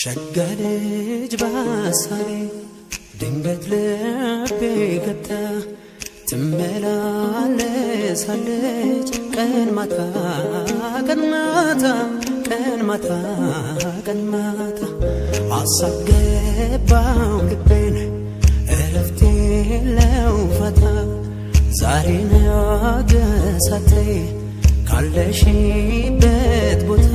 ሸጋ ልጅ ባሳቢ ድንገት ልቤ ገብታ ትመላለሳለች ቀን ማታ ቀን ማታ ቀን ማታ ቀን ማታ አሳገባው ልቤን እረፍቴ ለውፋታ ዛሬ ነገ ሳታይ ካለሽበት ቦታ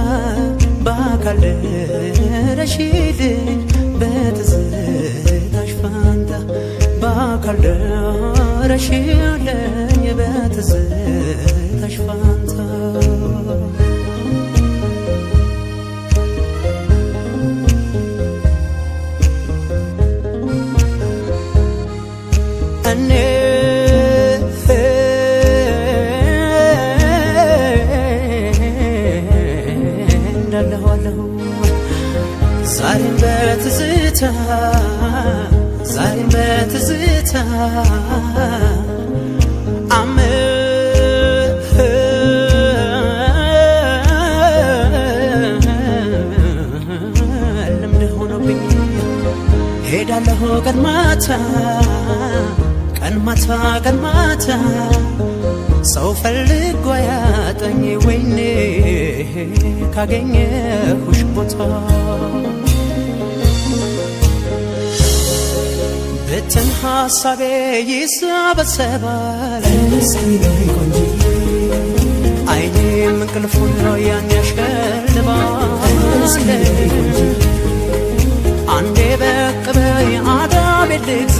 ረሺድን በትዝታሽ ፋንታ ባካለ ረሺለኝ በትዝታሽ ፋንታ እኔ እንዳለኋለሁ ዛሬም በትዝታ ዛሬም በትዝታ ሄዳለሁ ቀን ማታ ቀን ማታ ቀን ማታ ሰው ፈልጎ ያጠኝ ወይኔ ካገኘሁሽ ቦታ ብትን ሐሳቤ ይሰበሰባል አይኔም ያን አንዴ በቅበይ አዳቤ ልግዛ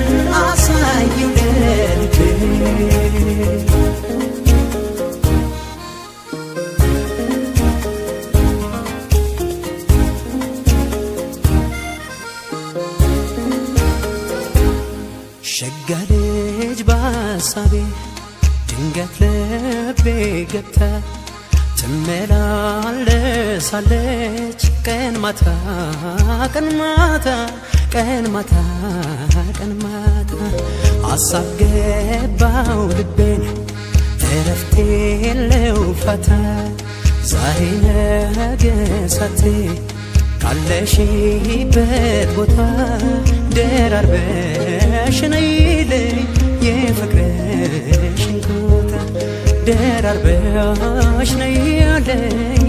ሸጋ ልጅ በሐሳቤ ድንገት ልቤ ገብታ ትመላለሳለች ቀን ማታ ቀን ማታ ቀን ማታ ቀን ማታ አሳብ ገባው ልቤን እረፍቴ የለው ዛሬ ነገ ሳቴ ካለሽበት ቦታ ደራርበ ጋር በያሽ ነይ ያለኝ